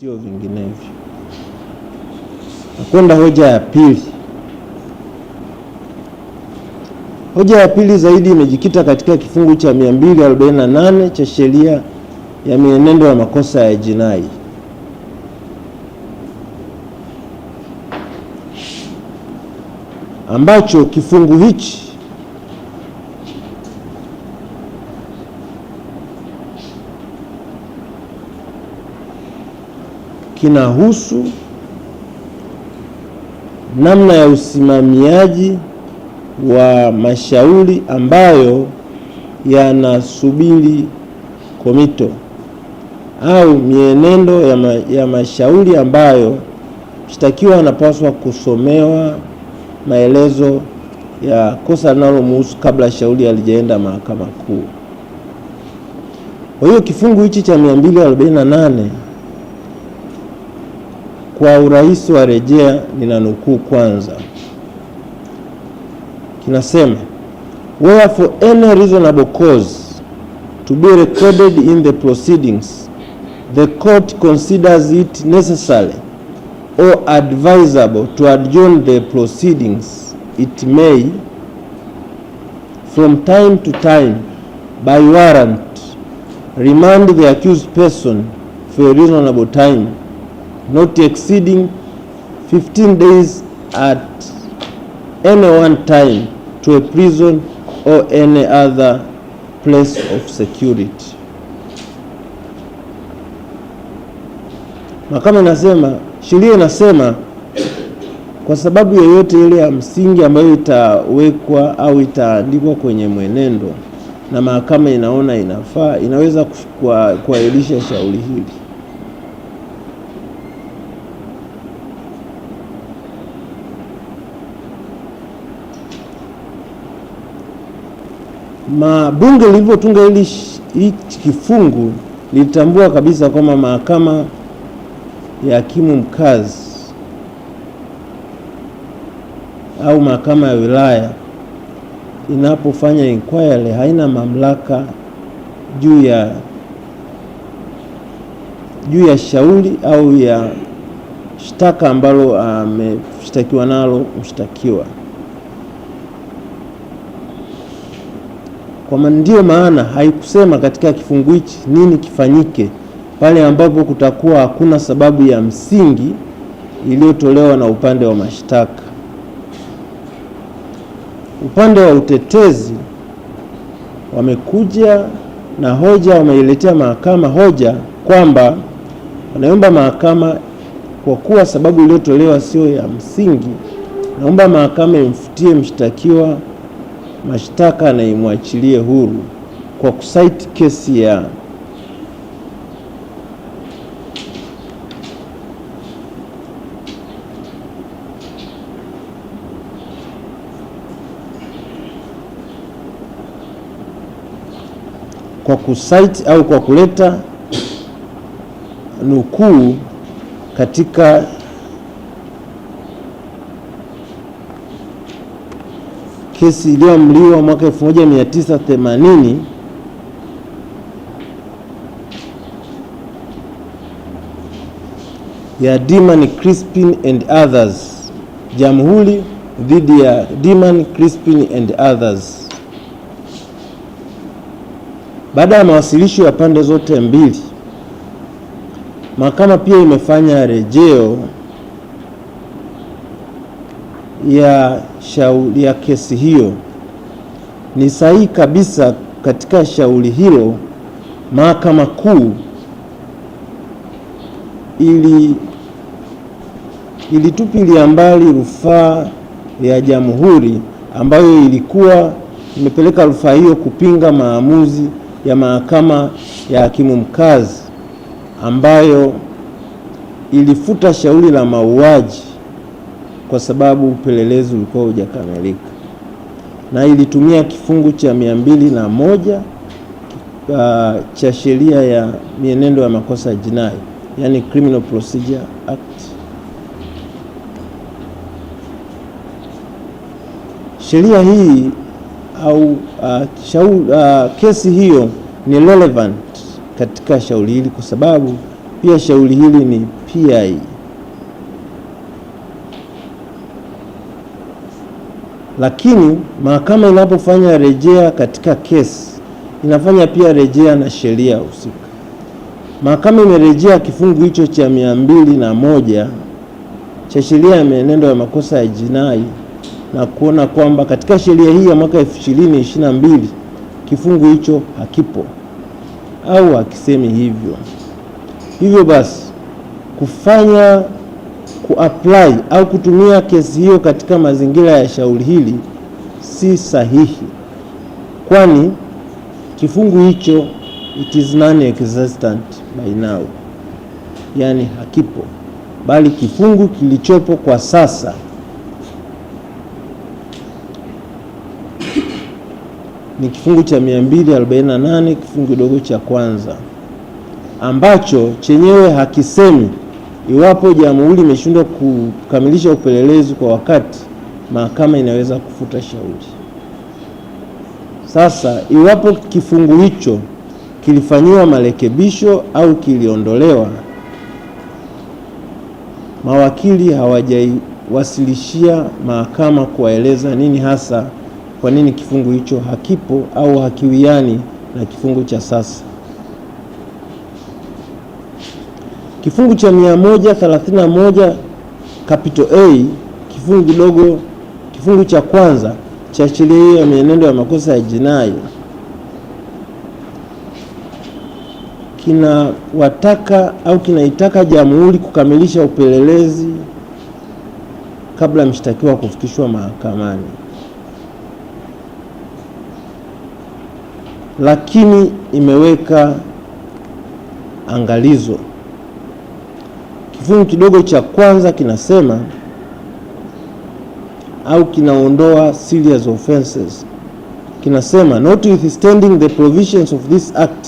sio vinginevyo. Nakwenda hoja ya pili. Hoja ya pili zaidi imejikita katika kifungu cha 248 cha sheria ya mienendo ya makosa ya jinai. ambacho kifungu hichi kinahusu namna ya usimamiaji wa mashauri ambayo yanasubiri komito au mienendo ya, ma, ya mashauri ambayo mshtakiwa anapaswa kusomewa maelezo ya kosa linalomuhusu kabla shauri halijaenda mahakama kuu. Kwa hiyo kifungu hichi cha 248 kwa urahisi wa rejea, nina nukuu kwanza, kinasema where for any reasonable cause to be recorded in the proceedings the court considers it necessary or advisable to adjourn the proceedings it may from time to time by warrant remand the accused person for a reasonable time not exceeding 15 days at any one time to a prison or any other place of security. Mahakama inasema, sheria inasema kwa sababu yoyote ile ya msingi ambayo itawekwa au itaandikwa kwenye mwenendo na mahakama inaona inafaa, inaweza kuahirisha shauri hili. ma bunge lilivyotunga hili kifungu lilitambua kabisa kwamba mahakama ya hakimu mkazi au mahakama ya wilaya inapofanya inquiry haina mamlaka juu ya juu ya shauri au ya shtaka ambalo ameshtakiwa nalo mshtakiwa. Kwa ndio maana haikusema katika kifungu hichi nini kifanyike pale ambapo kutakuwa hakuna sababu ya msingi iliyotolewa na upande wa mashtaka. Upande wa utetezi wamekuja na hoja, wameiletea mahakama hoja kwamba wanaomba mahakama, kwa kuwa sababu iliyotolewa sio ya msingi, naomba mahakama imfutie mshtakiwa mashtaka na imwachilie huru kwa kusaiti kesi ya kwa kusaiti au kwa kuleta nukuu katika kesi iliyoamliwa mwaka 1980 ya Diman Crispin and others, Jamhuri dhidi ya Diman Crispin and others. Baada ya mawasilisho ya pande zote mbili, mahakama pia imefanya rejeo ya shauri ya kesi hiyo ni sahihi kabisa. Katika shauri hilo mahakama kuu ili ilitupilia mbali rufaa ya jamhuri ambayo ilikuwa imepeleka rufaa hiyo kupinga maamuzi ya mahakama ya hakimu mkazi ambayo ilifuta shauri la mauaji kwa sababu upelelezi ulikuwa hujakamilika, na ilitumia kifungu cha mia mbili na moja uh, cha sheria ya mienendo ya makosa ya jinai, yani Criminal Procedure Act. Sheria hii au uh, shaul, uh, kesi hiyo ni relevant katika shauri hili kwa sababu pia shauri hili ni PI lakini mahakama inapofanya rejea katika kesi inafanya pia rejea na sheria husika. Mahakama imerejea kifungu hicho cha mia mbili na moja cha sheria ya mienendo ya makosa ya jinai na kuona kwamba katika sheria hii ya mwaka elfu ishirini mbili kifungu hicho hakipo au hakisemi hivyo. Hivyo basi kufanya kuapply au kutumia kesi hiyo katika mazingira ya shauri hili si sahihi, kwani kifungu hicho it is non existent by now, yani hakipo, bali kifungu kilichopo kwa sasa ni kifungu cha 248 kifungu kidogo cha kwanza ambacho chenyewe hakisemi Iwapo jamhuri imeshindwa kukamilisha upelelezi kwa wakati, mahakama inaweza kufuta shauri. Sasa iwapo kifungu hicho kilifanyiwa marekebisho au kiliondolewa, mawakili hawajaiwasilishia mahakama kuwaeleza nini hasa, kwa nini kifungu hicho hakipo au hakiwiani na kifungu cha sasa. Kifungu cha 131 capital A kifungu kidogo kifungu cha kwanza cha sheria hiyo ya mienendo ya makosa ya jinai kinawataka au kinaitaka jamhuri kukamilisha upelelezi kabla mshtakiwa kufikishwa mahakamani, lakini imeweka angalizo kifungu kidogo cha kwanza kinasema au kinaondoa serious offenses, kinasema notwithstanding the provisions of this act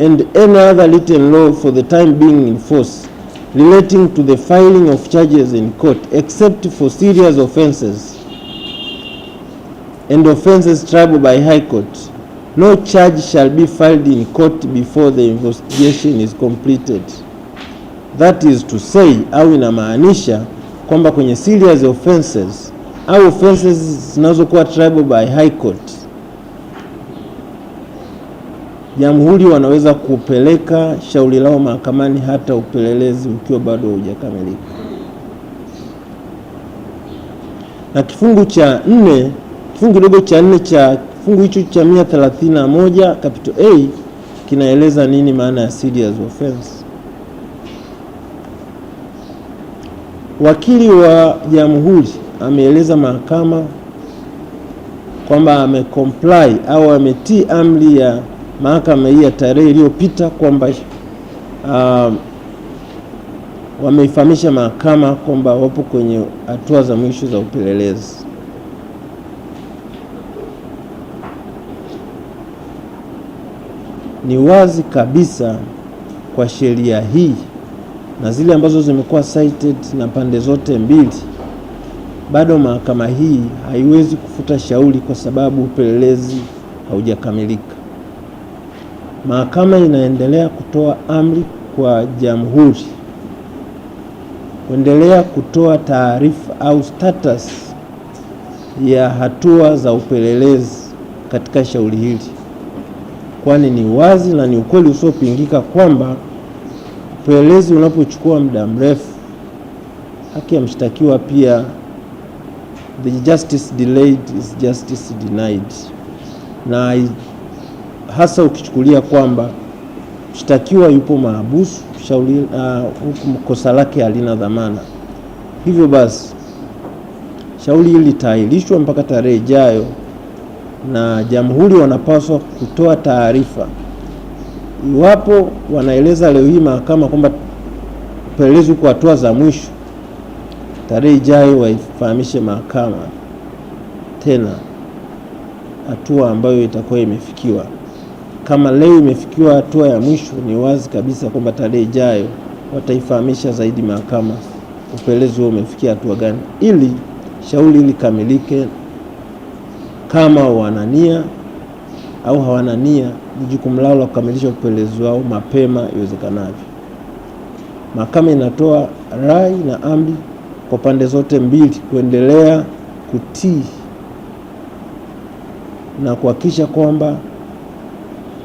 and any other written law for the time being in force relating to the filing of charges in court except for serious offenses and offenses triable by high court no charge shall be filed in court before the investigation is completed that is to say, au inamaanisha kwamba kwenye serious offenses au offenses zinazokuwa tribal by high court, jamhuri wanaweza kupeleka shauri lao mahakamani hata upelelezi ukiwa bado haujakamilika. Na kifungu cha nne, kifungu kidogo cha nne cha kifungu hicho cha 131 capital A kinaeleza nini maana ya serious offense. Wakili wa Jamhuri ameeleza mahakama kwamba amecomply au ametii amri ya mahakama hii ya tarehe iliyopita kwamba uh, wameifahamisha mahakama kwamba wapo kwenye hatua za mwisho za upelelezi. Ni wazi kabisa kwa sheria hii na zile ambazo zimekuwa cited na pande zote mbili, bado mahakama hii haiwezi kufuta shauri kwa sababu upelelezi haujakamilika. Mahakama inaendelea kutoa amri kwa jamhuri kuendelea kutoa taarifa au status ya hatua za upelelezi katika shauri hili, kwani ni wazi na ni ukweli usiopingika kwamba upelelezi unapochukua muda mrefu, haki ya mshtakiwa pia, the justice delayed is justice denied, na hasa ukichukulia kwamba mshtakiwa yupo mahabusu, shauri ah, huku uh, kosa lake halina dhamana. Hivyo basi shauri hili litaahirishwa mpaka tarehe ijayo, na jamhuri wanapaswa kutoa taarifa iwapo wanaeleza leo hii mahakama kwamba upelelezi uko hatua za mwisho, tarehe ijayo waifahamishe mahakama tena hatua ambayo itakuwa imefikiwa. Kama leo imefikiwa hatua ya mwisho, ni wazi kabisa kwamba tarehe ijayo wataifahamisha zaidi mahakama upelelezi huo umefikia hatua gani, ili shauri likamilike kamilike kama wanania au hawana nia, ni jukumu lao la kukamilisha upelelezi wao mapema iwezekanavyo. Mahakama inatoa rai na amri kwa pande zote mbili kuendelea kutii na kuhakikisha kwamba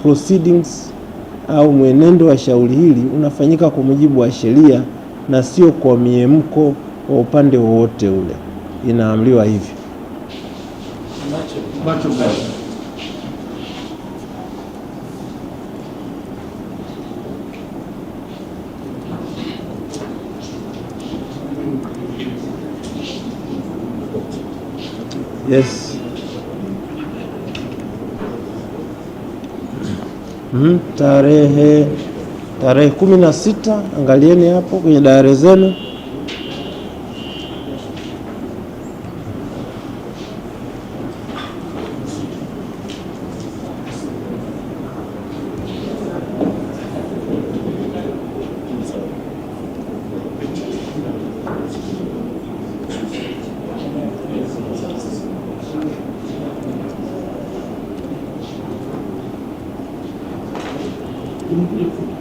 proceedings au mwenendo wa shauri hili unafanyika kwa mujibu wa sheria na sio kwa miemko wa upande wowote ule. Inaamriwa hivyo. Yes. Mm, tarehe tarehe kumi na sita, angalieni hapo kwenye dayari zenu. 平地。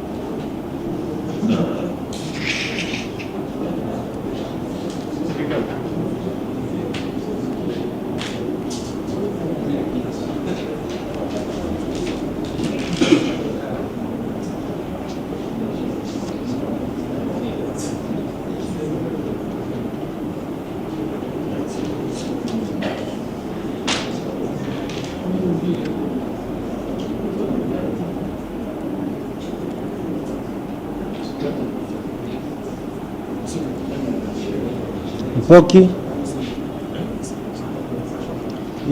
Mpoki.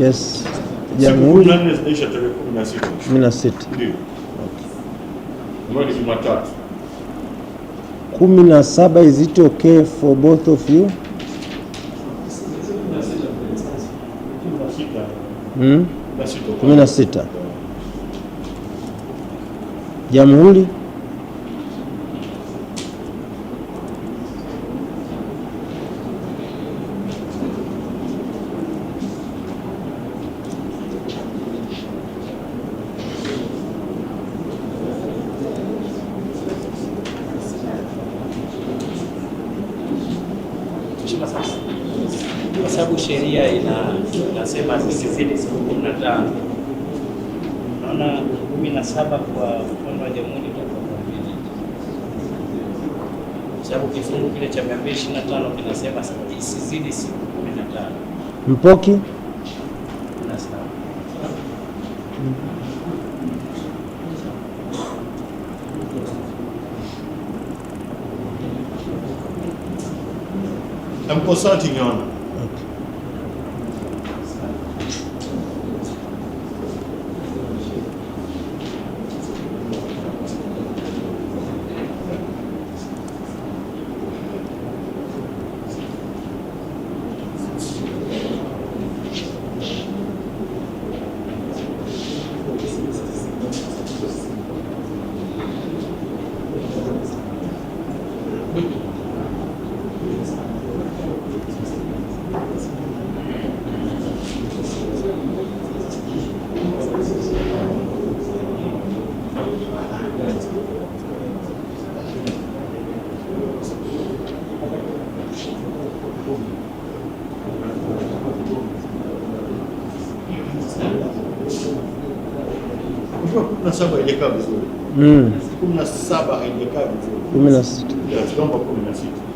Yes, Jamhuri kumi na sita kumi na saba. Is it okay for both of you? Hmm? kumi na sita Jamhuri sababu sheria inasema ina zisizidi siku kumi na tano naona kumi na saba kwa mkono wa jamhuri sababu kifungu kile cha 225 kinasema isizidi siku 15. Mpoki I'm consulting on kumi na saba haijakaa vizuri, mm. kumi na saba haijakaa vizuri, kumi na sita